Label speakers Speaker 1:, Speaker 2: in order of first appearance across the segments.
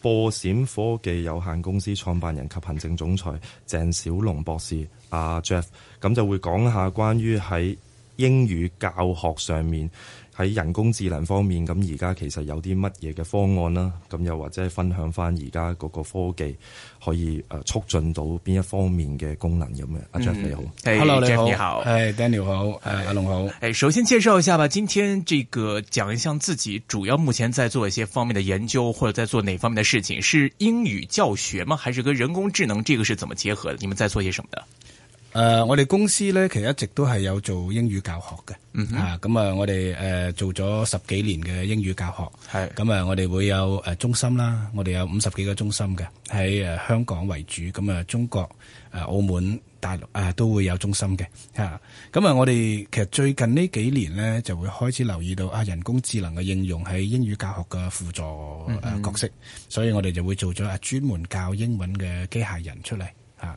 Speaker 1: 播閃科技有限公司創辦人及行政總裁鄭小龍博士阿 Jeff，咁就會講下關於喺英語教學上面，喺人工智能方面，咁而家其實有啲乜嘢嘅方案啦？咁又或者分享返而家嗰個科技可以促進到邊一方面嘅功能有咩？阿張你好，Hello 你好，
Speaker 2: 誒 Daniel 好，誒阿龍好。誒、hey, 首先介紹一下吧，今天這個講一下自己主要目前在做一些方面的研究，或者在做哪方面的事情？是英語教學嗎？還是跟人工智能這個是怎麼結合的？你們在做啲什麼的？
Speaker 3: 誒、呃，我哋公司咧，其實一直都係有做英語教學嘅，吓、咁、嗯、哼啊，嗯、我哋誒、呃、做咗十幾年嘅英語教學，係咁啊，我哋會有誒、呃、中心啦，我哋有五十幾個中心嘅，喺誒、呃、香港為主，咁、嗯、啊，中國誒、呃、澳門、大陸、呃、都會有中心嘅，吓咁啊，我哋其實最近呢幾年咧，就會開始留意到啊，人工智能嘅應用喺英語教學嘅輔助誒角色，嗯、所以我哋就會做咗啊專門教英文嘅機械人出嚟，吓、啊。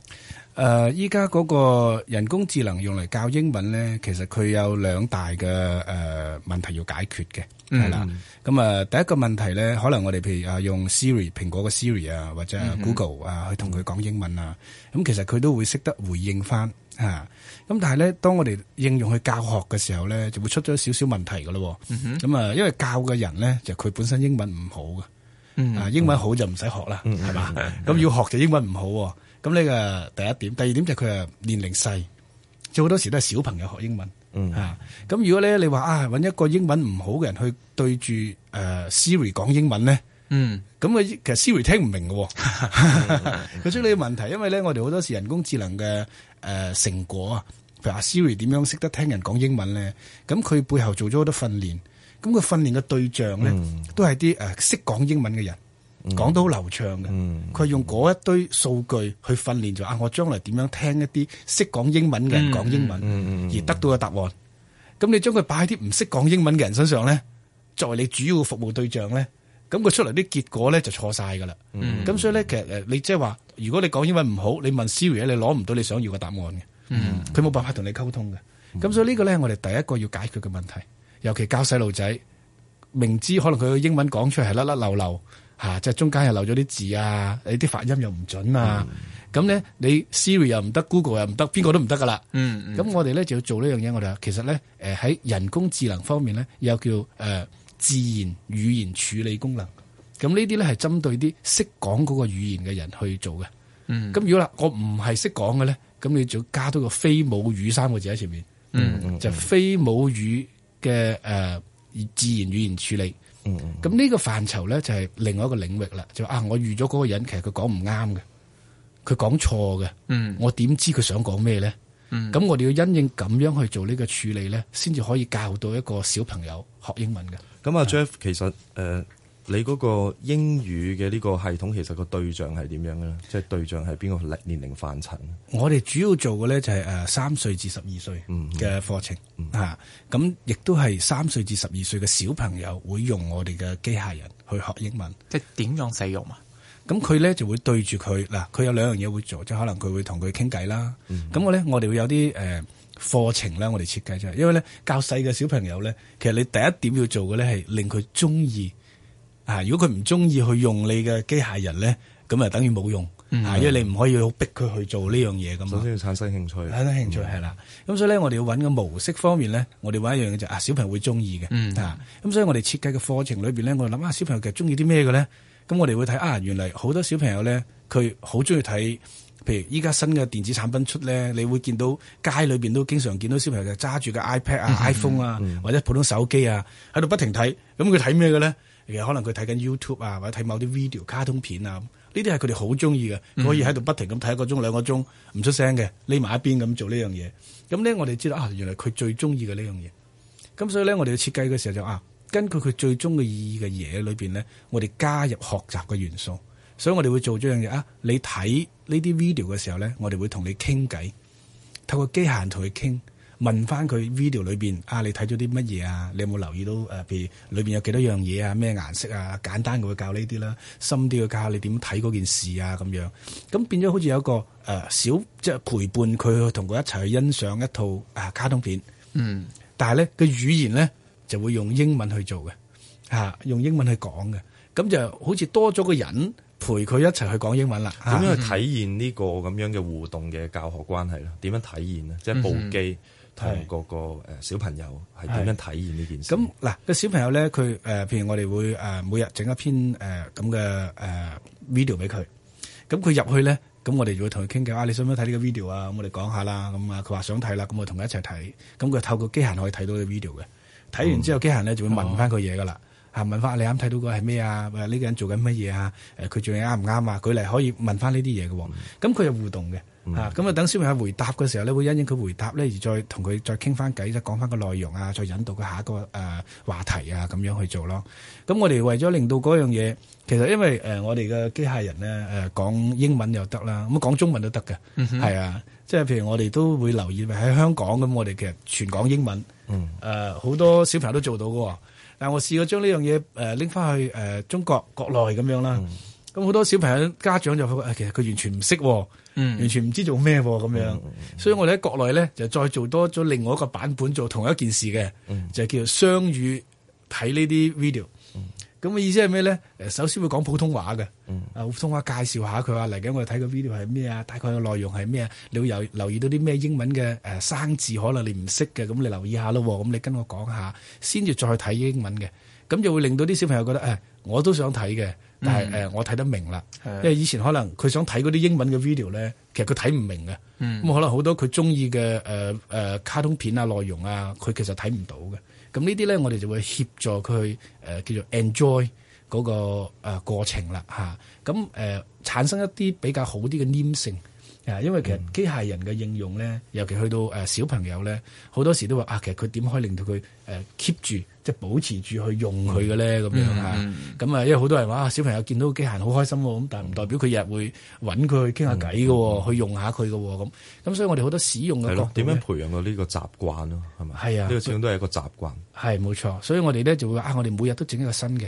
Speaker 3: 誒，依家嗰個人工智能用嚟教英文咧，其實佢有兩大嘅誒、呃、問題要解決嘅，係啦、嗯嗯。咁啊、嗯，第一個問題咧，可能我哋譬如啊用 Siri 蘋果嘅 Siri 啊，或者 Google 啊，嗯嗯去同佢講英文啊，咁、嗯、其實佢都會識得回應翻嚇咁、啊、但係咧，當我哋應用去教學嘅時候咧，就會出咗少少問題噶咯。咁啊，嗯嗯因為教嘅人咧就佢本身英文唔好嘅，啊英文好就唔使學啦，係嘛？咁要學就英文唔好、啊。咁呢個第一點，第二點就係佢啊年齡細，做好多時都係小朋友學英文、嗯、啊。咁如果咧你話啊揾一個英文唔好嘅人去對住誒、呃、Siri 講英文咧，嗯，咁佢其實 Siri 聽唔明㗎喎，佢出呢個問題，因為咧我哋好多時人工智能嘅誒、呃、成果啊，譬如阿 Siri 點樣識得聽人講英文咧，咁佢背後做咗好多訓練，咁佢訓練嘅對象咧、嗯、都係啲誒識講英文嘅人。講得好流暢嘅，佢係用嗰一堆數據去訓練就啊，我將來點樣聽一啲識講英文嘅人講英文，而得到個答案。咁你將佢擺喺啲唔識講英文嘅人身上咧，作為你主要服務對象咧，咁佢出嚟啲結果咧就錯晒噶啦。咁所以咧，其實誒，你即係話，如果你講英文唔好，你問 Siri，你攞唔到你想要嘅答案嘅，佢冇辦法同你溝通嘅。咁所以呢個咧，我哋第一個要解決嘅問題，尤其教細路仔，明知可能佢嘅英文講出嚟係甩甩漏漏。嚇！即係、啊就是、中間又漏咗啲字啊！你啲發音又唔準啊！咁咧、嗯啊，你 Siri 又唔得，Google 又唔得，邊個都唔得噶啦！嗯，咁我哋咧就要做呢樣嘢。我哋其實咧，喺、呃、人工智能方面咧，有叫誒、呃、自然語言處理功能。咁呢啲咧係針對啲識講嗰個語言嘅人去做嘅。咁、嗯、如果啦，我唔係識講嘅咧，咁你就要加多個非母語三個字喺前面。嗯，就非母語嘅誒、呃、自然語言處理。嗯，咁呢個範疇咧就係另外一個領域啦，就啊我預咗嗰個人其實佢講唔啱嘅，佢講錯嘅，嗯，我點知佢想講咩咧？嗯、嗯，咁我哋要因應咁樣去做呢個處理咧，先至可以教到一個小朋友學英文嘅。
Speaker 1: 咁阿、啊、Jeff 是的 其實誒。呃你嗰個英語嘅呢個系統，其實個對象係點樣嘅咧？即係對象係邊個年齡範疇？
Speaker 3: 我哋主要做嘅咧就係誒三歲至十二歲嘅課程嚇。咁亦都係三歲至十二歲嘅小朋友會用我哋嘅機械人去學英文。即係點樣使用啊？咁佢咧就會對住佢嗱，佢有兩樣嘢會做，即係可能佢會同佢傾偈啦。咁，嗯哼，我咧，我哋會有啲誒課程咧，我哋設計就係因為咧教細嘅小朋友咧，其實你第一點要做嘅咧係令佢中意。啊！如果佢唔中意去用你嘅機械人咧，咁、嗯、啊等於冇用，因為你唔可以好逼佢去做呢樣嘢咁。嗯、首先要產生興趣，產生興趣係啦。咁的的所以咧，我哋要揾個模式方面咧，我哋揾一樣嘅就啊，小朋友會中意嘅啊。咁、嗯、所以我哋設計嘅課程裏邊咧，我哋諗下，小朋友其實中意啲咩嘅咧？咁我哋會睇啊，原來好多小朋友咧，佢好中意睇，譬如依家新嘅電子產品出咧，你會見到街裏邊都經常見到小朋友就揸住個 iPad 啊、iPhone 啊或者普通手機啊，喺度不停睇。咁佢睇咩嘅咧？可能佢睇緊 YouTube 啊，you Tube，或者睇某啲 video 卡通片啊，呢啲係佢哋好中意嘅，嗯、可以喺度不停咁睇一個鐘兩個鐘唔出聲嘅，匿埋一邊咁做呢樣嘢。咁咧我哋知道啊，原來佢最中意嘅呢樣嘢。咁所以咧我哋要設計嘅時候就啊，根據佢最中嘅意義嘅嘢裏邊咧，我哋加入學習嘅元素。所以我哋會做咗樣嘢啊，你睇呢啲 video 嘅時候咧，我哋會同你傾偈，透過機械人同佢傾。問翻佢 video 裏面，啊，你睇咗啲乜嘢啊？你有冇留意到誒、啊？譬如裏面有幾多樣嘢啊？咩顏色啊？簡單嘅會教呢啲啦。深啲嘅教下你點睇嗰件事啊，咁樣。咁變咗好似有一個誒、呃、小，即係陪伴佢，同佢一齊去欣賞一套、啊、卡通片。嗯。但係咧，個語言咧就會用英文去做嘅、啊、用英文去講嘅。咁就好似多咗個人陪佢一齊去講英文啦。點、啊、樣去體
Speaker 1: 現呢個咁樣嘅互動嘅教學關係咧？點樣體現咧？即係部機、嗯。同個個小朋友係點樣體驗呢件事？咁
Speaker 3: 嗱，個小朋友咧，佢誒、呃、譬如我哋會誒、呃、每日整一篇誒咁嘅誒 video 俾佢。咁佢入去咧，咁我哋就會同佢傾偈啊，你想唔想睇呢個 video 啊？我哋講下啦，咁啊，佢話想睇啦，咁我同佢一齊睇。咁佢透過機械可以睇到嘅 video 嘅。睇完之後，嗯、機械咧就會問翻佢嘢噶啦，嚇、嗯、問翻你啱睇到個係咩啊？呢、啊呢個人做緊乜嘢啊？誒佢做嘢啱唔啱啊？佢嚟、啊、可以問翻呢啲嘢嘅喎。咁佢、嗯、又互動嘅。咁、嗯、啊等小朋友回答嘅時候咧，會因應佢回答咧而再同佢再傾翻偈，再講翻個內容啊，再引導佢下一個誒、呃、話題啊，咁樣去做咯。咁我哋為咗令到嗰樣嘢，其實因為誒、呃、我哋嘅機械人咧誒、呃、講英文又得啦，咁講中文都得嘅，係、嗯、哼啊，即係譬如我哋都會留意喺香港咁，我哋其實全講英文，誒好、嗯呃、多小朋友都做到噶、哦。但我試過將呢樣嘢誒拎翻去誒、呃、中國國內咁樣啦，咁好、嗯、多小朋友家長就發覺，哎、其實佢完全唔識、啊。嗯、完全唔知做咩咁樣，嗯嗯嗯、所以我哋喺國內咧就再做多咗另外一個版本做同一件事嘅，嗯、就叫做「雙語睇呢啲 video。咁嘅、嗯、意思係咩咧？誒，首先會講普通話嘅，啊、嗯，普通話介紹下佢話嚟緊我哋睇個 video 係咩啊？大概嘅內容係咩？你留留意到啲咩英文嘅誒生字可能你唔識嘅，咁你留意下咯。咁你跟我講下，先至再睇英文嘅，咁就會令到啲小朋友覺得誒，我都想睇嘅。但係誒、嗯呃，我睇得明啦，的因為以前可能佢想睇嗰啲英文嘅 video 咧，其實佢睇唔明嘅，咁、嗯、可能好多佢中意嘅誒誒卡通片啊內容啊，佢其實睇唔到嘅，咁、嗯、呢啲咧我哋就會協助佢誒、呃、叫做 enjoy 嗰、那個誒、呃、過程啦嚇，咁、啊、誒、呃、產生一啲比較好啲嘅黏性。因為其實機械人嘅應用咧，嗯、尤其去到誒小朋友咧，好多時都話啊，其實佢點可以令到佢誒 keep 住，即係保持住去用佢嘅咧咁樣嚇。咁啊、嗯，因為好多人話啊，小朋友見到機械人好開心喎，咁但係唔代表佢日日會揾佢去傾下偈嘅，嗯嗯、去用下佢
Speaker 1: 嘅咁。咁所以我哋好多使用嘅角度，點樣培養到呢個習慣咯？係咪？係啊，呢個始終都係一個習慣。
Speaker 3: 係冇錯，所以我哋咧就會話啊，我哋每日都整一個新嘅。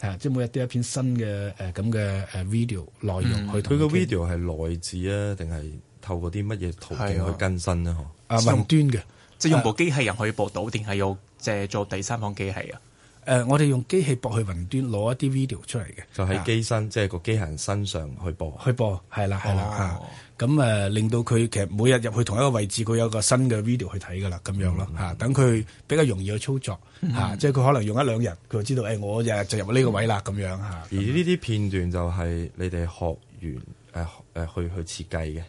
Speaker 3: 誒，即係每日都有一篇新嘅誒咁嘅誒 video 內容，嗯、去
Speaker 1: 同佢嘅 video 係來自啊，定係透過啲乜嘢途徑去更新啊，咧？啊，雲端嘅，啊、即係用部機器人可以播到，定係要借助第三方機器啊？
Speaker 3: 呃、我哋用機器駁去雲端攞一啲 video 出嚟嘅，就喺機
Speaker 1: 身，啊、即係個機械人身上去播，
Speaker 3: 去播，係啦，係啦，嚇，咁、呃、令到佢其實每日入去同一個位置，佢有個新嘅 video 去睇㗎啦。咁樣咯，等佢、嗯、比較容易去操作，嚇、嗯啊，即係佢可能用一兩日，佢就知道，哎、我日日就入呢個位啦，咁、嗯、樣，
Speaker 1: 而呢啲片段就係你哋學員、呃呃、去去設計嘅，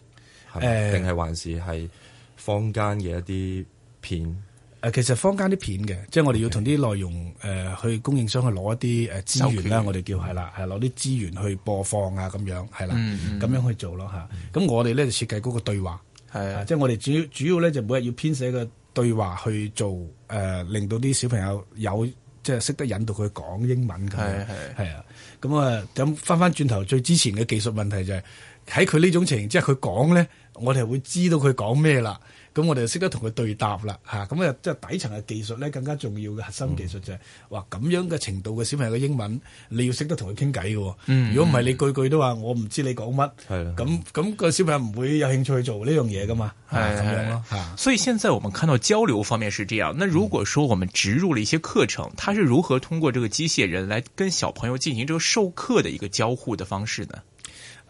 Speaker 1: 誒，定係、呃、還是係坊間嘅一啲片？
Speaker 3: 誒，其實坊間啲片嘅，即係我哋要同啲內容誒、呃，去供應商去攞一啲誒資源啦，拳我哋叫係啦，係攞啲資源去播放啊，咁樣係啦，咁、嗯、樣去做咯吓。咁、嗯、我哋咧就設計嗰個對話，係的啊，即係我哋主，主要主要咧就每日要編寫個對話去做，誒、呃，令到啲小朋友有即係識得引導佢講英文咁樣，係係啊。咁啊的，咁翻翻轉頭，最之前嘅技術問題就係喺佢呢種情形之下，佢講咧，我哋會知道佢講咩啦。咁我哋就識得同佢對答啦嚇，咁啊即係底層嘅技術咧更加重要嘅核心技術就係話咁樣嘅程度嘅小朋友嘅英文，你要識得同佢傾偈嘅喎。如果唔係你句句都話、嗯、我唔知你講乜，咁咁、嗯那個小朋友唔會有興趣去做呢樣嘢噶嘛。係咁、嗯啊、樣咯嚇。啊
Speaker 2: 啊、所以現在我們看到交流方面是這樣。那如果說我們植入了一些課程，嗯、它是如何通過這個機械人來跟小朋友進行這個授課嘅一個交互的方式呢？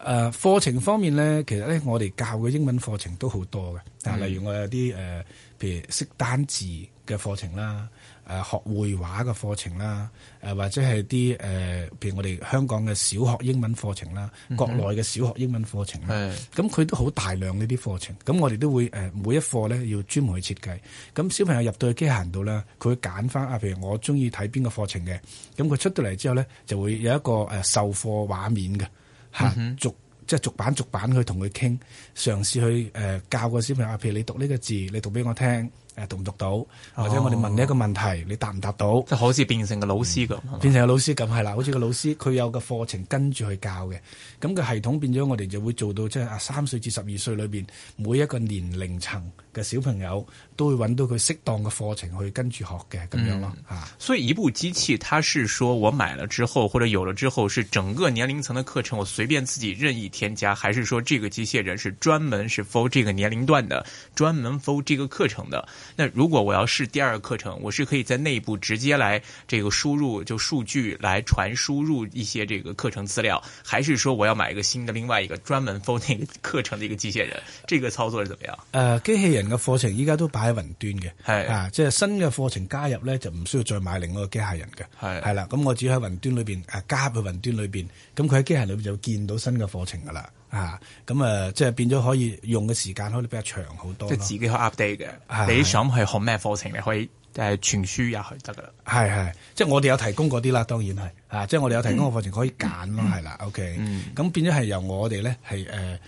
Speaker 3: 誒課程方面咧，其實咧我哋教嘅英文課程都好多嘅，但例如我有啲誒，譬如識單字嘅課程啦，學會話嘅課程啦，或者係啲誒，譬如我哋香港嘅小學英文課程啦，國內嘅小學英文課程啦。咁佢都好大量呢啲課程。咁我哋都會誒每一課咧要專門去設計。咁小朋友入到去機械人度啦，佢會揀翻啊，譬如我中意睇邊個課程嘅，咁佢出到嚟之後咧就會有一個誒授課畫面嘅。吓 逐即係逐版逐版去同佢傾，嘗試去誒、呃、教個小朋友啊。譬如你讀呢個字，你讀俾我聽。誒，讀唔讀到，或者我哋問你一個問題，哦、你答唔答
Speaker 2: 到？即好似以變成個老師咁，嗯，變
Speaker 3: 成個老師咁，係啦，好似個老師，佢吧有個課程跟住去教嘅。咁，那個系統變咗，我哋就會做到，即係啊，三歲至十二歲裏邊每一個年齡層嘅小朋友都會揾到佢適當嘅課程去跟住學嘅咁樣咯。嚇、嗯，啊、
Speaker 2: 所以一部機器，它是說我買了之後，或者有了之後，是整個年齡層嘅課程，我隨便自己任意添加，還是說這個機械人是專門是 for 這個年齡段的，專門 for 這個課程的？那如果我要試第二個課程，我是可以在內部直接來這個輸入就數據來傳輸入一些這個課程資料，還是說我要買一個新的另外一個專門 coding 課程的一個機械人？這個操作是怎麼
Speaker 3: 樣？呃，機械人嘅課程依家都擺喺雲端嘅，係的啊，即、就、係、是、新嘅課程加入呢就唔需要再買另外一個機械人嘅，係係啦，咁我只要喺雲端裏邊誒、啊、加入去雲端裏邊，咁佢喺機械裏邊就見到新嘅課程噶啦。啊，咁啊、呃，即係變咗可以用嘅時間可能比較長好多，即係自己
Speaker 2: 去 update 嘅。係係你想去學咩課程你可以誒，傳輸入去就得啦。
Speaker 3: 係係，即係我哋有提供嗰啲啦，當然係啊，即係我哋有提供嘅課程可以揀咯，係啦、嗯，OK。咁變咗係由我哋咧，係誒、呃、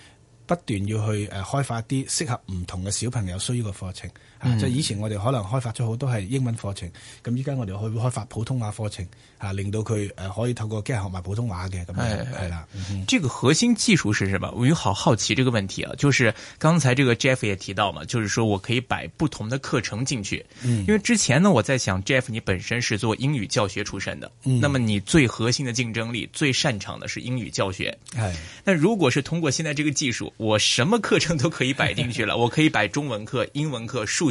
Speaker 3: 不斷要去誒、呃、開發啲適合唔同嘅小朋友需要嘅課程。即以前我哋可能開發咗好多係英文課程，咁依家我哋可以開發普通話課程，嚇令到佢可以透過機學埋普通話
Speaker 2: 嘅咁樣。係啦、哎，嗯、這個核心技術是什麼？我有好好奇這個問題啊。就是剛才這個 Jeff 也提到嘛，就是說我可以擺不同的課程進去。嗯、因為之前呢，我在想 Jeff 你本身是做英語教學出身的，嗯，那麼你最核心的競爭力、最擅長的係英語教學。哎，但如果是通過現在這個技術，我什麼課程都可以擺進去了， 我可以擺中文課、英文課、數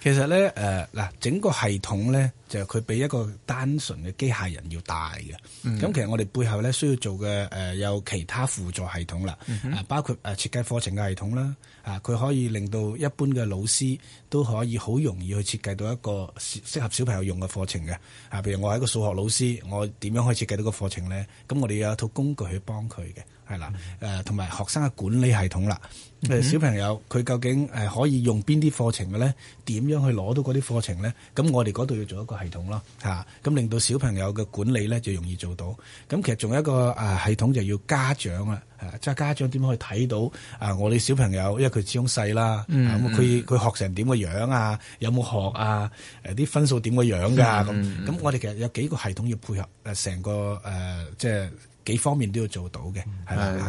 Speaker 3: 其實咧，誒，嗱，整個系統咧，就係佢比一個單純嘅機械人要大嘅。咁、嗯、其實我哋背後咧需要做嘅，誒，有其他輔助系統啦，啊、嗯哼，包括誒設計課程嘅系統啦，啊，佢可以令到一般嘅老師。都可以好容易去設計到一個適合小朋友用嘅課程嘅，啊，譬如我係一個數學老師，我點樣可以設計到個課程咧？咁我哋有一套工具去幫佢嘅，係啦，同埋、嗯呃、學生嘅管理系統啦。嗯、小朋友佢究竟可以用邊啲課程嘅咧？點樣去攞到嗰啲課程咧？咁我哋嗰度要做一個系統咯，嚇、啊，咁令到小朋友嘅管理咧就容易做到。咁其實仲有一個、啊、系統就要家長啊。啊！即係家長點樣去睇到啊？我哋小朋友，因為佢始終細啦，咁佢佢學成點嘅樣,樣啊？有冇學啊？啲、呃、分數點嘅樣㗎、啊？咁咁、嗯嗯、我哋其實有幾個系統要配合成個誒、呃、即係幾方面都要做到嘅，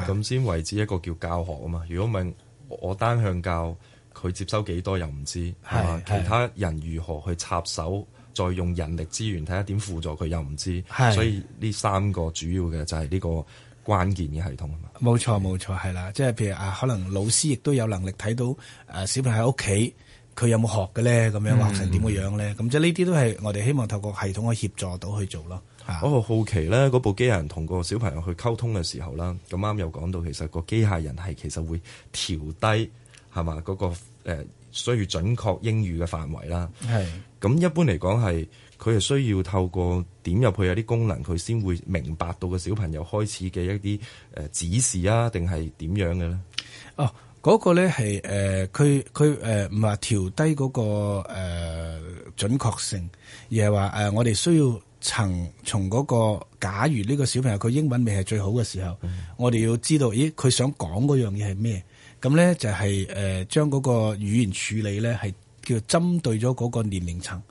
Speaker 1: 咁先為之一個叫教學啊嘛。如果唔係我單向教佢接收幾多又唔知，係嘛？其他人如何去插手，再用人力資源睇下點輔助佢又唔知，是所以呢三個主要嘅就係呢、呢個。關鍵嘅系統啊嘛，
Speaker 3: 冇錯冇錯，係啦 Okay.，即係譬如啊，可能老師亦都有能力睇到誒、啊，小朋友喺屋企佢有冇學嘅咧，咁樣或、mm hmm. 成點嘅樣咧，咁即係呢啲都係我哋希望透過系統去協助到
Speaker 1: 去做咯。我好好奇咧，嗰、啊、部機械人同個小朋友去溝通嘅時候啦，咁啱又講到，其實個機械人係其實會調低係嘛？嗰個誒。呃需要準確英語嘅範圍啦，係咁是一般嚟講係，佢係需要透過點入去有啲功能，佢先會明白到個小朋友開始嘅一啲誒指示啊，定係點樣嘅咧？
Speaker 3: 哦，嗰、那個咧係誒，佢佢誒唔係調低嗰、那個誒、呃、準確性，而係話誒，我哋需要層從嗰、那個假如呢個小朋友佢英文未係最好嘅時候，嗯、我哋要知道，咦，佢想講嗰樣嘢係咩？咁咧就係誒將嗰個語言處理咧係叫針對咗嗰個年齡層，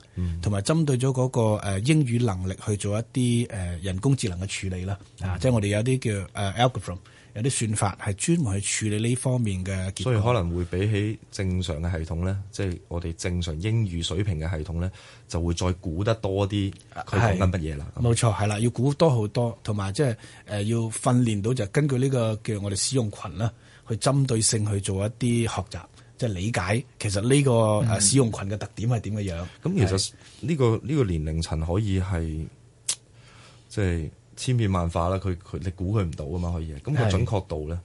Speaker 3: 同埋、嗯、針對咗嗰個英語能力去做一啲誒人工智能嘅處理啦。即係、嗯、我哋有啲叫誒、uh, algorithm，有啲算法係專門去處理呢方面嘅。所以可能
Speaker 1: 會比起正常嘅系統咧，即、就、係、是、我哋正常英語水平嘅系統咧，就會再估得多啲，佢講緊乜嘢啦。
Speaker 3: 冇是嗎錯，係啦，要估多好多，同埋即係要訓練到就根據呢個叫我哋使用群啦。去針對性去做一啲學習，即係理解其實呢個誒使用群嘅特點係點嘅樣。咁、嗯、是其實呢、
Speaker 1: 這個呢、這個年齡層可以係，即、就、係、是、千變萬化啦。佢佢你估佢唔到啊嘛，可以。咁個準確度咧？
Speaker 3: 誒、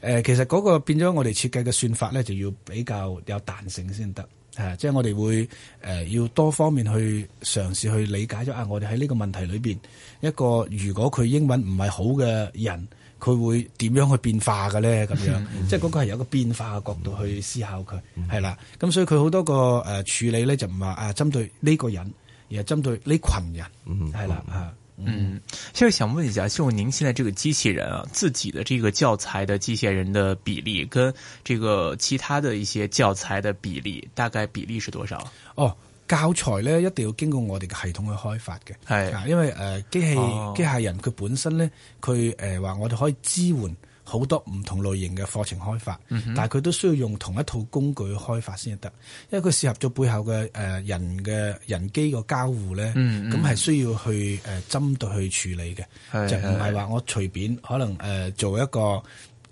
Speaker 3: 呃，其實嗰個變咗，我哋設計嘅算法咧，就要比較有彈性先得。係即係我哋會誒、呃、要多方面去嘗試去理解咗啊。我哋喺呢個問題裏邊一個如果佢英文唔係好嘅人。佢會點樣去變化嘅咧？咁樣，嗯、即係嗰個係有個變化嘅角度去思考佢，係啦、嗯。咁所以佢好多個誒處理咧，就唔係話啊針對呢個人，而係針對呢群人，係啦啊。嗯，
Speaker 2: 所以想問一下，希望您現在這個機器人啊，自己嘅這個教材嘅機械人的比例，跟這個其他嘅一些教材的比例，大概比例是多少？
Speaker 3: 哦。教材咧一定要經過我哋嘅系統去開發嘅，是因為誒機、呃、器、哦、機械人佢本身咧，佢誒話我哋可以支援好多唔同類型嘅課程開發，嗯、哼但係佢都需要用同一套工具開發先得，因為佢適合咗背後嘅、呃、人嘅人機個交互咧，咁係、嗯嗯、需要去、呃、針對去處理嘅，是就唔係話我隨便可能、呃、做一個。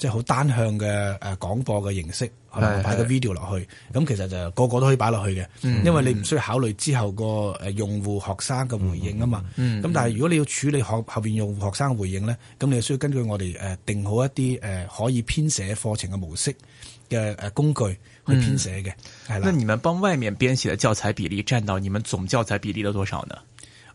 Speaker 3: 即係好單向嘅誒廣播嘅形式，係擺個 video 落去，咁是其實就個個都可以擺落去嘅。嗯嗯因為你唔需要考慮之後個誒、呃、用戶學生嘅回應啊嘛。咁、嗯嗯嗯、但係如果你要處理學後邊用戶學生嘅回應咧，咁你就需要根據我哋誒、呃、定好一啲誒、呃、可以編寫課程嘅模式嘅誒、呃、工具去編寫嘅。係啦，那你
Speaker 2: 們幫外面編寫嘅教材比例佔到你們總教材比例的多少呢？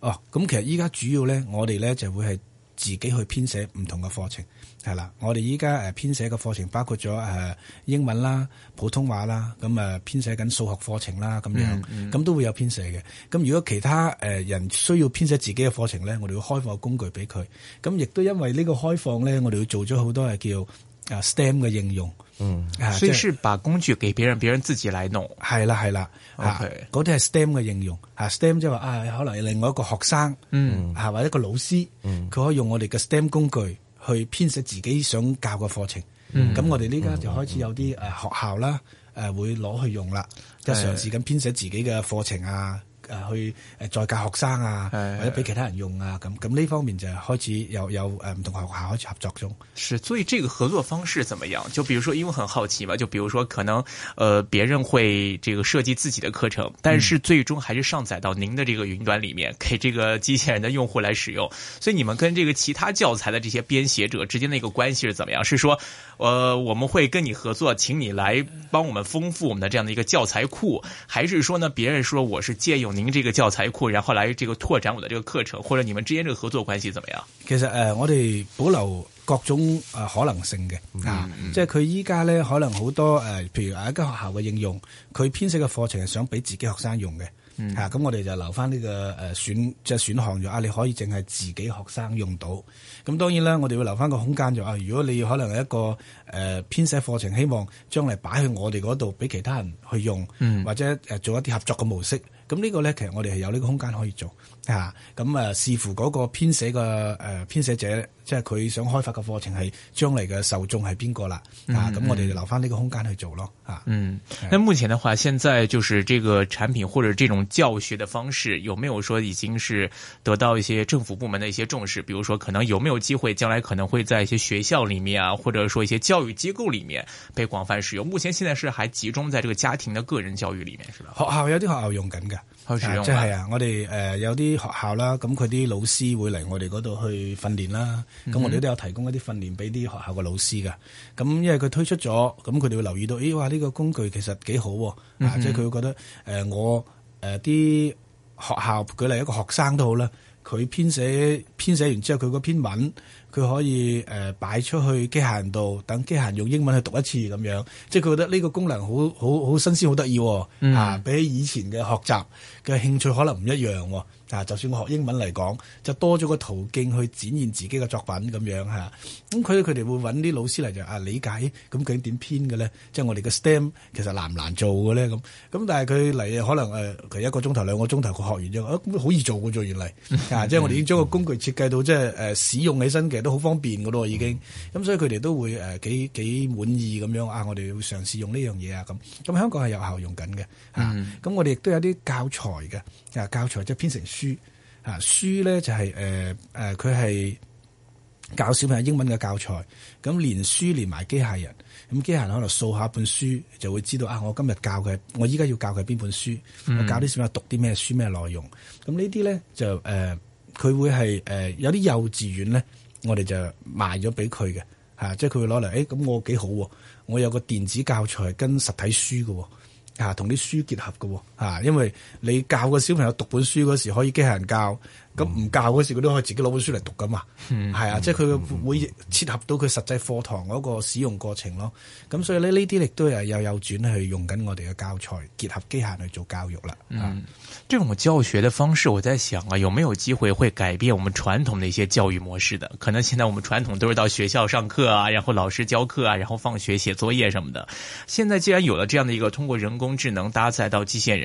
Speaker 3: 哦，咁其實依家主要咧，我哋咧就會係。自己去編寫唔同嘅課程，係啦，我哋依家誒編寫嘅課程包括咗誒英文啦、普通話啦，咁誒編寫緊數學課程啦，咁樣，咁都會有編寫嘅。咁如果其他誒人需要編寫自己嘅課程咧，我哋會開放工具俾佢。咁亦都因為呢個開放咧，我哋要做咗好多係叫。啊，STEM 嘅應用，嗯，啊、所以是
Speaker 2: 把工具給別人，別人自己來弄，係啦，
Speaker 3: 係啦，啊 OK、嗰啲係 STEM 嘅應用，啊，STEM 即係話啊，可能另外一個學生，嗯，吓、啊、或者一個老師，嗯，佢可以用我哋嘅 STEM 工具去編寫自己想教嘅課程，
Speaker 1: 嗯，咁我
Speaker 3: 哋呢家就開始有啲誒學校啦，誒、嗯啊、會攞去用啦，嗯、即係嘗試緊編寫自己嘅課程啊。誒去誒再教學生啊，或者俾其他人用啊，咁咁呢方面就開始有有誒唔同學校開始合作咗，
Speaker 2: 是，所以這個合作方式怎麼樣？就比如說，因為很好奇嘛，就比如說可能呃，別人會這個設計自己的課程，但是最終還是上載到您的這個雲端裏面，給這個機器人的用戶來使用。所以你們跟這個其他教材的這些編寫者之間的一個關係是怎麼樣？是說，呃，我們會跟你合作，請你來幫我們豐富我們的這樣的一個教材庫，還是說呢？別人說我是借用。您這個教材庫，然後來這個拓展我的這個課程，或者你們之間這個合作關係怎麼樣？
Speaker 3: 其實誒、呃，我哋保留各種誒、呃、可能性嘅，嗯、啊，嗯、即係佢依家呢，可能好多誒、呃，譬如、啊、一間學校嘅應用，佢編寫嘅課程係想俾自己學生用嘅，嗯、啊，咁我哋就留翻呢、這個誒、呃、選即係選項咗啊，你可以淨係自己學生用到。咁當然啦，我哋會留翻個空間咗啊。如果你可能係一個誒、呃、編寫課程，希望將來擺去我哋嗰度俾其他人去用，嗯、或者誒、啊、做一啲合作嘅模式。咁呢個咧，其實我哋係有呢個空間可以做。嚇，咁啊，啊，視乎嗰個編寫嘅誒、呃、編寫者，即係佢想開發嘅課程係將嚟嘅受眾係邊個啦，嚇、啊、咁、嗯啊、我哋留翻呢個空間去做咯，嚇。
Speaker 2: 嗯，啊、那目前的話，現在就是這個產品或者這種教學的方式，有沒有說已經是得到一些政府部門的一些重視？比如說可能有沒有機會將來可能會在一些學校裏面啊，或者說一些教育機構裏面被廣泛使用？目前現在是還集中在這個家庭的個人教育裏面，
Speaker 3: 是吧？學校有啲學校用緊嘅，佢使用、啊，即係啊，、就是、啊，我哋誒、呃、有啲。學校啦，咁佢啲老師會嚟我哋嗰度去訓練啦。咁我哋都有提供一啲訓練俾啲學校嘅老師㗎。咁因為佢推出咗，咁佢哋會留意到，咦、哎，哇，呢、這個工具其實幾好、啊、喎、嗯哼啊。即係佢會覺得，誒、呃，我誒啲、呃、學校舉例一個學生都好啦，佢編寫編寫完之後，佢嗰篇文，佢可以誒擺、呃、出去機械人度，等機械人用英文去讀一次咁樣，即係佢覺得呢個功能好好好新鮮，好得意，喎、啊。比起以前嘅學習嘅興趣可能唔一樣、啊。啊！就算我學英文嚟講，就多咗個途徑去展現自己嘅作品咁樣嚇。咁佢佢哋會揾啲老師嚟就啊理解咁究竟點編嘅咧？即、就、係、是、我哋嘅 STEM 其實難唔難做嘅咧？咁咁但係佢嚟可能誒，佢、呃、一個鐘頭兩個鐘頭佢學完之後，好、啊、易做嘅做原嚟即係我哋已經將個工具設計到即係使，使用起身，其實都好方便嘅咯，已經。咁、嗯、所以佢哋都會誒、呃、幾幾滿意咁樣啊！我哋會嘗試用呢、啊、樣嘢啊咁。咁香港係、啊嗯啊、有效用緊嘅嚇。咁我哋亦都有啲教材嘅。教材即係編成書，嚇書咧就係誒誒，佢、呃、係、呃、教小朋友英文嘅教材。咁連書連埋機械人，咁機械人可能掃下本書，就會知道啊，我今日教佢，我依家要教佢邊本書，嗯、我教啲小朋友讀啲咩書咩內容。咁呢啲咧就誒，佢、呃、會係誒、呃、有啲幼稚園咧，我哋就賣咗俾佢嘅嚇，即係佢會攞嚟，誒、欸、咁我幾好喎、啊，我有個電子教材跟實體書嘅喎，同、啊、啲書結合嘅喎。啊，因為你教個小朋友讀本書嗰時，可以機械人教，咁唔教嗰時佢、嗯、都可以自己攞本書嚟讀噶嘛，係、嗯、啊，嗯、即係佢會切合到佢實際課堂嗰個使用過程咯。咁所以咧呢啲亦都係又有轉去用緊我哋嘅教材結合機械人去做教育啦。嗯，
Speaker 2: 嗯，這種教學的方式，我在想啊，有沒有機會會改變我們傳統的一些教育模式的？可能現在我們傳統都是到學校上課啊，然後老師教課啊，然後放學寫作業什麼的。現在既然有了這樣的，一個通過人工智能搭載到機械人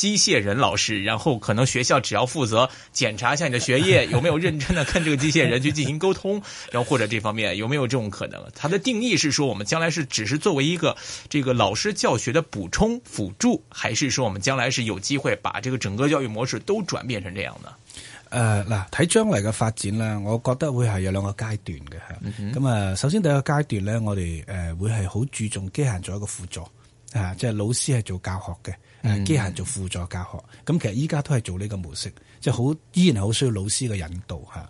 Speaker 2: 機械人老師，然後可能學校只要負責檢查一下你的學業有沒有認真的跟這個機械人去進行溝通，然後或者這方面有沒有這種可能？它的定義是說，我們將來是只是作為一個這個老師教學的補充輔助，還是說我們將來是有機會把這個整個教育模式都轉變成這樣呢？
Speaker 3: 呃，嗱，睇將來嘅發展呢，我覺得會係有兩個階段嘅。咁啊，嗯哼。首先第一個階段呢，我哋誒會係好注重機械做一個輔助啊，即係老師係做教學嘅。誒機械做輔助教學，咁其實依家都係做呢個模式，即係好依然係好需要老師嘅引導吓。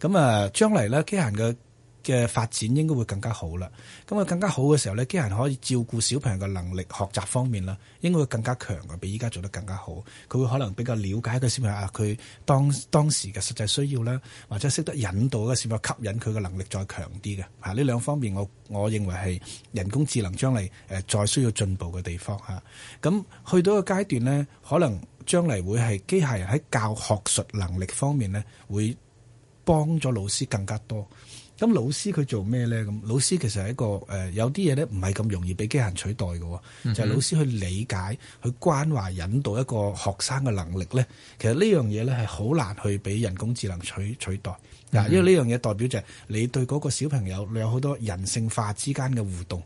Speaker 3: 咁啊，將嚟咧機械嘅。嘅發展應該會更加好啦。咁啊，更加好嘅時候咧，機械人可以照顧小朋友嘅能力、學習方面啦，應該會更加強嘅，比依家做得更加好。佢會可能比較了解個小朋友佢當當時嘅實際需要啦，或者識得引導嘅小朋友吸引佢嘅能力再強啲嘅嚇。呢、啊、兩方面我，我我認為係人工智能將嚟誒再需要進步嘅地方嚇。咁、啊、去到一個階段呢，可能將嚟會係機械人喺教學術能力方面呢，會幫咗老師更加多。咁老師佢做咩咧？咁老師其實係一個誒，有啲嘢咧唔係咁容易俾機械人取代嘅，嗯、哼就係老師去理解、去關懷、引導一個學生嘅能力咧。其實呢樣嘢咧係好難去俾人工智能取取代，嗱，因為呢樣嘢代表就係你對嗰個小朋友，你有好多人性化之間嘅互動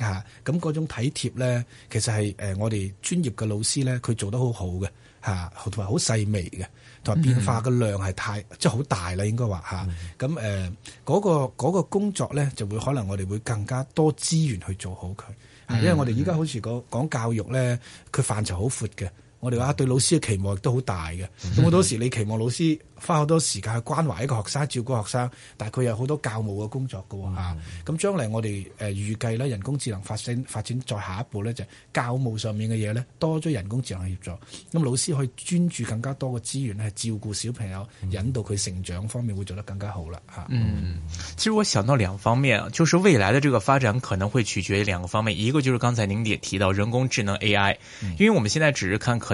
Speaker 3: 啊、咁嗰種體貼咧，其實係誒、呃、我哋專業嘅老師咧，佢做得好好嘅嚇、同埋好細微嘅。同埋變化嘅量係太、mm hmm. 即係好大啦，應該話吓，咁誒嗰個嗰、嗰個、工作咧，就會可能我哋會更加多資源去做好佢，mm hmm. 因為我哋而家好似講講教育咧，佢範疇好闊嘅。我哋話對老師嘅期望亦都好大嘅，咁好多時候你期望老師花好多時間去關懷一個學生、照顧學生，但係佢有好多教務嘅工作㗎吓。咁將嚟我哋誒預計咧，人工智能發展發展再下一步咧，就係教務上面嘅嘢咧，多咗人工智能嘅協助，咁老師可以專注更加多嘅資源咧，照顧小朋友、引導佢成長方面會做得更加好啦
Speaker 2: 吓。嗯，其實我想到兩方面，就是未來的這個發展可能會取決於兩個方面，一個就是剛才您也提到人工智能 AI，因為我們現在只是看可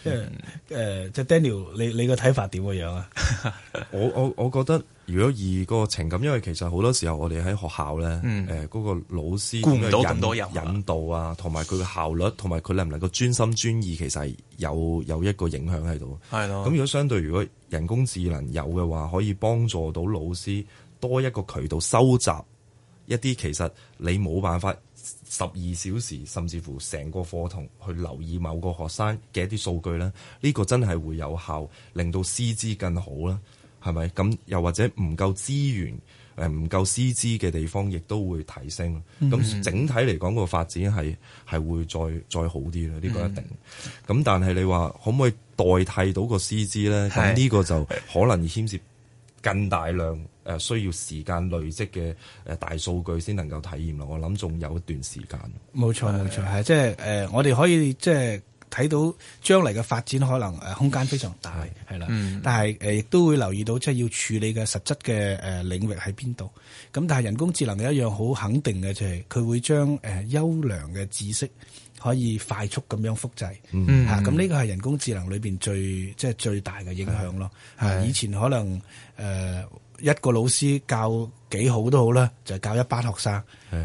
Speaker 2: 即係誒，即係，嗯 uh, Daniel，你你個睇法，點嘅樣啊？
Speaker 1: 我我我覺得，如果以個情感，因為其實好多時候我哋喺學校咧，誒、嗯，嗰，呃個老師管唔到咁多人，啊，引導啊，同埋佢嘅效率，同埋佢能唔能夠專心專意，其實有有一個影響喺度。係咯的。咁如果相對，如果人工智能有嘅話，可以幫助到老師多一個渠道收集一啲其實你冇辦法。十二小時甚至乎成個課堂去留意某個學生嘅一啲數據咧，呢個真係會有效令到師資更好啦，係咪？咁又或者唔夠資源誒，唔夠師資嘅地方亦都會提升。咁整體嚟講個發展係係會再再好啲啦，呢個一定。咁、嗯、但係你話可唔可以代替到個師資咧？咁呢是個就可能牽涉更大量。誒，需要時間累積嘅誒大數據先能夠體驗咯，我諗仲有一段時間。
Speaker 3: 冇錯，冇錯，係即係誒，我哋可以即係睇到將來嘅發展可能誒、呃、空間非常大，係是啦，嗯、但係誒亦都會留意到即係、就是、要處理嘅實質嘅誒領域喺邊度。咁但係人工智能有一樣好肯定嘅就係、是、佢會將誒優良嘅知識可以快速咁樣複製，吓咁呢個係人工智能裏邊最即係、就是、最大嘅影響咯。係是是以前可能誒。呃一個老師教。幾好都好啦，就是、教一班學生，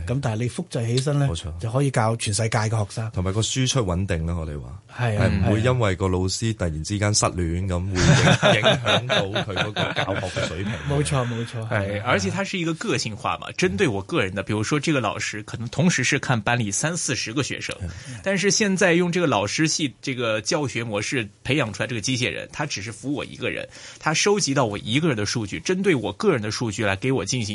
Speaker 3: 咁的但係你複製起身咧，錯就可以教
Speaker 1: 全世界嘅學生，同埋個輸出穩定啦。我哋話係唔會因為個老師突然之間失戀咁，的會影響到佢嗰個教學嘅水平。冇錯冇錯，係
Speaker 2: 的而且它是一個個性化嘛，針對我個人的。比如說，這個老師可能同時是看班裏三四十個學生，但是現在用這個老師係這個教學模式培養出來，這個機械人，他只是服我一個人，他收集到我一個人的數據，針對我個人的數據來給我進行。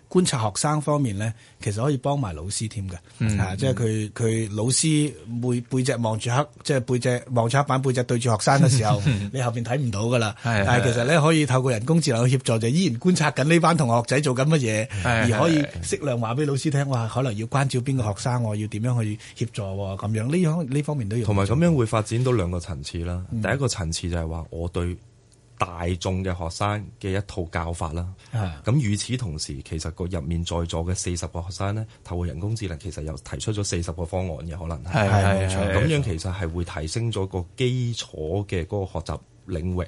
Speaker 3: 觀察學生方面咧，其實可以幫埋老師添嘅，嗯、啊，即係佢佢老師背背脊望住黑，即係背脊望住黑板，背脊對住學生嘅時候， 你後邊睇唔到㗎啦。
Speaker 2: 但係其實咧，可
Speaker 3: 以透過人工智能去協助，就依然觀察緊呢班同學仔做緊乜
Speaker 1: 嘢， 而可以
Speaker 3: 適量話俾老師聽，話可能要關照邊個學生，我要點樣去協助咁樣。呢樣呢方面都要。同埋咁
Speaker 1: 樣會發展到兩個層次啦。嗯、第一個層次就係話，我對大眾嘅學生嘅一套教法啦，咁與、啊、此同時，其實個入面在座嘅四十個學生呢，透過人工智能其實又提出咗四十個方案嘅可能，係係咁樣其實係會提升咗個基礎嘅嗰個學習領域。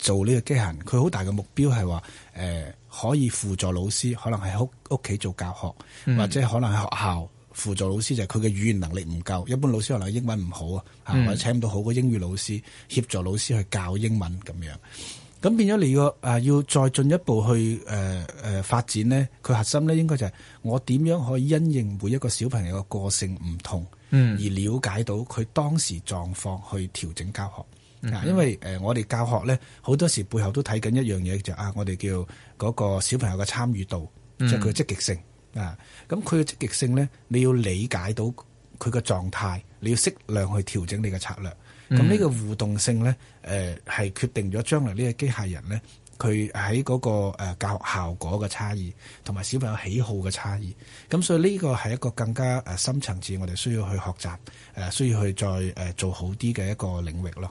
Speaker 3: 做呢個機械人，佢好大嘅目標係話，誒、呃、可以輔助老師，可能喺屋屋企做教學，嗯、或者可能喺學校輔助老師，就係佢嘅語言能力唔夠，一般老師可能英文唔好啊，吓、嗯、或者請唔到好嘅英語老師協助老師去教英文咁樣。咁變咗你個誒要再進一步去誒誒、呃呃、發展呢，佢核心呢應該就係我點樣可以因應每一個小朋友嘅個性唔同，嗯、而了解到佢當時狀況去調整教學。因為誒，我哋教學咧，好多時背後都睇緊一樣嘢，就啊，我哋叫嗰個小朋友嘅參與度，
Speaker 2: 即係佢積
Speaker 3: 極性啊。咁佢嘅積極性咧，你要理解到佢嘅狀態，你要適量去調整你嘅策略。咁呢個互動性咧，誒、呃、係決定咗將來呢個機械人咧，佢喺嗰個誒教學效果嘅差異，同埋小朋友喜好嘅差異。咁所以呢個係一個更加誒深層次，我哋需要去學習誒，需要去再誒做好啲嘅一個領域咯。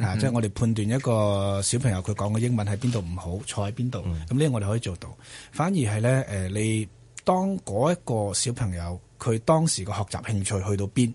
Speaker 3: 啊！即、就、係、是、我哋判斷一個小朋友佢講嘅英文喺邊度唔好，錯喺邊度，咁呢、嗯？我哋可以做到。反而係咧，誒、呃，你當嗰一個小朋友佢當時嘅學習興趣去到邊，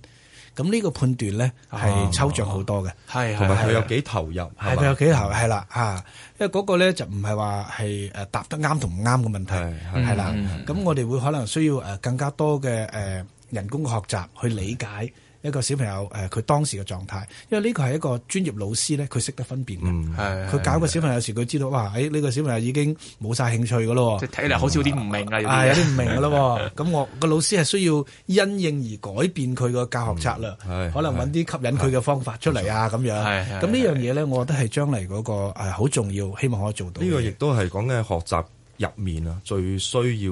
Speaker 3: 咁呢個判斷咧係抽象好多嘅，係
Speaker 1: 同埋佢有幾投入，係佢是吧有幾投入係
Speaker 3: 啦，吓、嗯啊，因為嗰個咧就唔係話係誒答得啱同唔啱嘅問題，係啦。咁的、嗯、我哋會可能需要誒更加多嘅誒人工嘅學習去理解。一個小朋友誒，佢、呃、當時嘅狀態，因為呢個係一個專業老師咧，佢識得分辨嘅。係、嗯。
Speaker 2: 佢、嗯、教個
Speaker 3: 小朋友時，佢知道哇，誒、哎、呢、這個小朋友已經冇晒興趣噶咯。即係睇嚟好似有啲唔
Speaker 2: 明啊，係、嗯、有啲唔、哎、明噶
Speaker 3: 咯。咁 我、那個老師係需要因應而改變佢個教學策略，嗯、是是是可能搵啲吸引佢嘅方法出嚟啊，
Speaker 1: 咁是樣。咁呢
Speaker 3: 樣嘢咧，我覺得係將來嗰、那個誒好、啊、重要，希望可以做到。呢
Speaker 1: 個亦都係講緊學習入面啊，最需要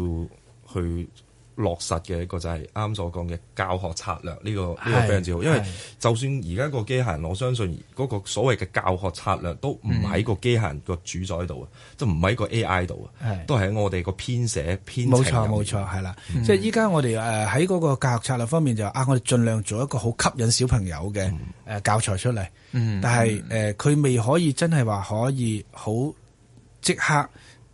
Speaker 1: 去落實嘅一個就係啱所講嘅教學策略呢，呢個呢是個非常之好，因為就算而家個機械人，我相信嗰個所謂嘅教學策略都唔喺個機械人個主宰度啊，嗯、都唔喺個 AI 度啊，是都係喺我哋個編寫編程。冇錯冇錯，係啦。嗯、
Speaker 3: 即係依家我哋誒喺嗰個教學策略方面就啊，我哋盡量做一個好吸引小朋友嘅誒教材出嚟。嗯。但係誒佢未可以真係話可以好即刻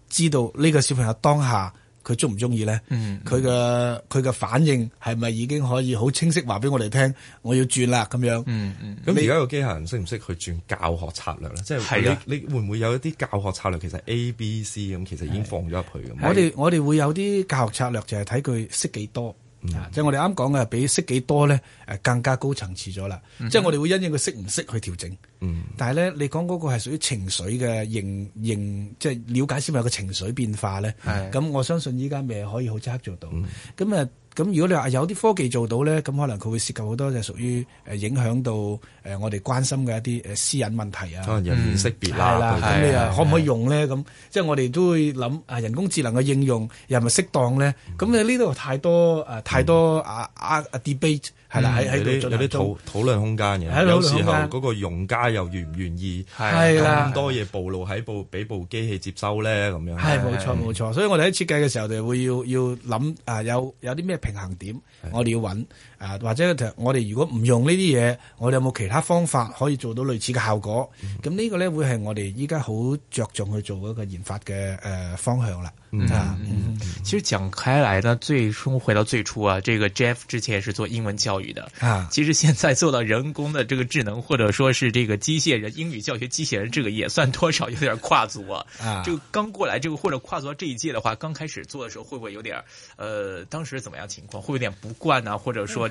Speaker 3: 知道呢個小朋友當下。佢鍾唔鍾意咧？佢嘅佢嘅反應係咪已經可以好清晰話俾我哋聽？我要轉啦咁樣。
Speaker 1: 嗯嗯。咁你而家個機械人識唔識去轉教學策略咧？的即係你，的你會唔會有一啲教學策略其實 A、B、C 咁，其實已經放咗入去咁的以？我哋
Speaker 3: 我哋會有啲教學策略，就係睇佢識幾多。啊！嗯、即係我哋啱講嘅，比識幾多咧，誒更加高層次咗啦。嗯、哼即係我
Speaker 1: 哋會因應佢識唔識去
Speaker 3: 調整。嗯。但係咧，你講嗰個係屬於情緒嘅形、形、即係了解先有個情緒變化咧。係的。咁我相信依家未可以好即刻做到。咁啊、嗯。咁如果你話有啲科技做到咧，咁可能佢會涉及好多就屬於誒影響到誒我哋關心嘅一啲誒私隱問題啊，可能人臉識別啦，係啦，咁你啊可唔可以用咧？咁即係我哋都會諗啊，人工智能嘅應用又係咪適當咧？咁你呢度太多誒太多啊啊 debate 係啦，喺喺度有啲討討論空間嘅。有時候嗰個
Speaker 1: 用家又願唔願意係啦，咁多嘢暴露喺部俾部機器接收咧？咁樣，係冇錯冇錯，
Speaker 3: 所以我哋喺設計嘅時候，我哋會要要諗啊，有有啲咩？平衡點，我哋要揾。啊，或者我哋如果唔用呢啲嘢，我哋有冇其他方法可以做到類似嘅效果？咁呢個咧會係我哋依家好着重去做嗰個研發嘅誒、呃、方向啦。嗯、啊、
Speaker 2: 其實講開來呢，呢最初回到最初啊，這個 Jeff 之前係做英文教育的啊。其實現在做到人工的這個智能，或者說是這個機械人英語教學機械人，這個也算多少有點跨足啊。啊，就剛過來這個或者跨足到這一屆的話，剛開始做的時候，會不會有點呃，當時是點樣情況？會不會有點不慣啊，或者說、嗯。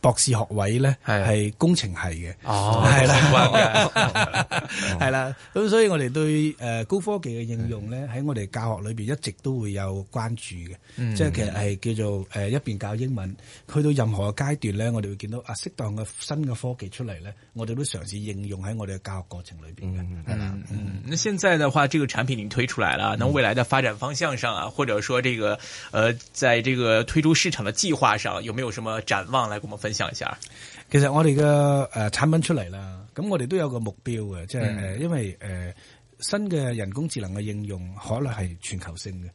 Speaker 3: 博士學位咧係工程系嘅，哦係啦，係啦，咁所以我哋對誒高科技嘅應用咧，喺我哋教學裏邊一直都會有關注嘅，即係其實係叫做誒一邊教英文，去到任何階段咧，我哋會見到啊適當嘅新嘅科技出嚟咧，我哋都嘗試應用喺我哋嘅教學過程裏邊嘅，係
Speaker 2: 啦。嗯，咁現在嘅話，這個產品已經推出嚟啦，咁未來嘅發展方向上啊，或者說這個誒在這個推出市場嘅計劃上，有沒有什麼展望嚟跟我們分？想一想，
Speaker 3: 其實我哋嘅誒產品出嚟啦，咁我哋都有一個目標嘅，即、就、係、是嗯、因為誒、呃、新嘅人工智能嘅應用可能係全球性嘅，啊、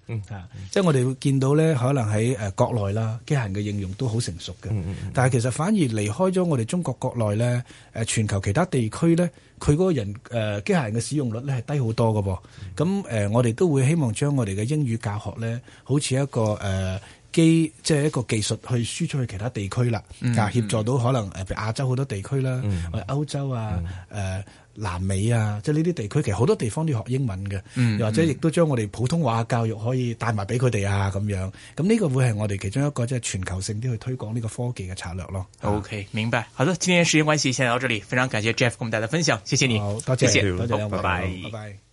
Speaker 3: 嗯，嗯、即係我哋會見到咧，可能喺誒、呃、國內啦，機械人嘅應用都好成熟嘅，嗯嗯嗯、但係其實反而離開咗我哋中國國內咧，誒、呃、全球其他地區咧，佢嗰個人誒機械人嘅使用率咧係低好多㗎噃，咁誒、嗯呃、我哋都會希望將我哋嘅英語教學咧，好似一個誒。呃機即係一個技術去輸出去其他地區啦，嗯、協助到可能誒，比亞洲好多地區啦，嗯、或者歐洲啊，誒、嗯呃，南美啊，即係呢啲地區，其實好多地方都要學英文嘅，嗯、又或者亦都將我哋普通話教育可以帶埋俾佢哋啊，咁樣，咁呢個會係我哋其中一個即係、就是、全球性啲去推廣呢個科技嘅策略咯。OK，
Speaker 2: 明白。好的，今天時間關係先到這裏，非常感謝 Jeff 同我們大家分享，謝謝你，多謝，多謝，拜拜。拜拜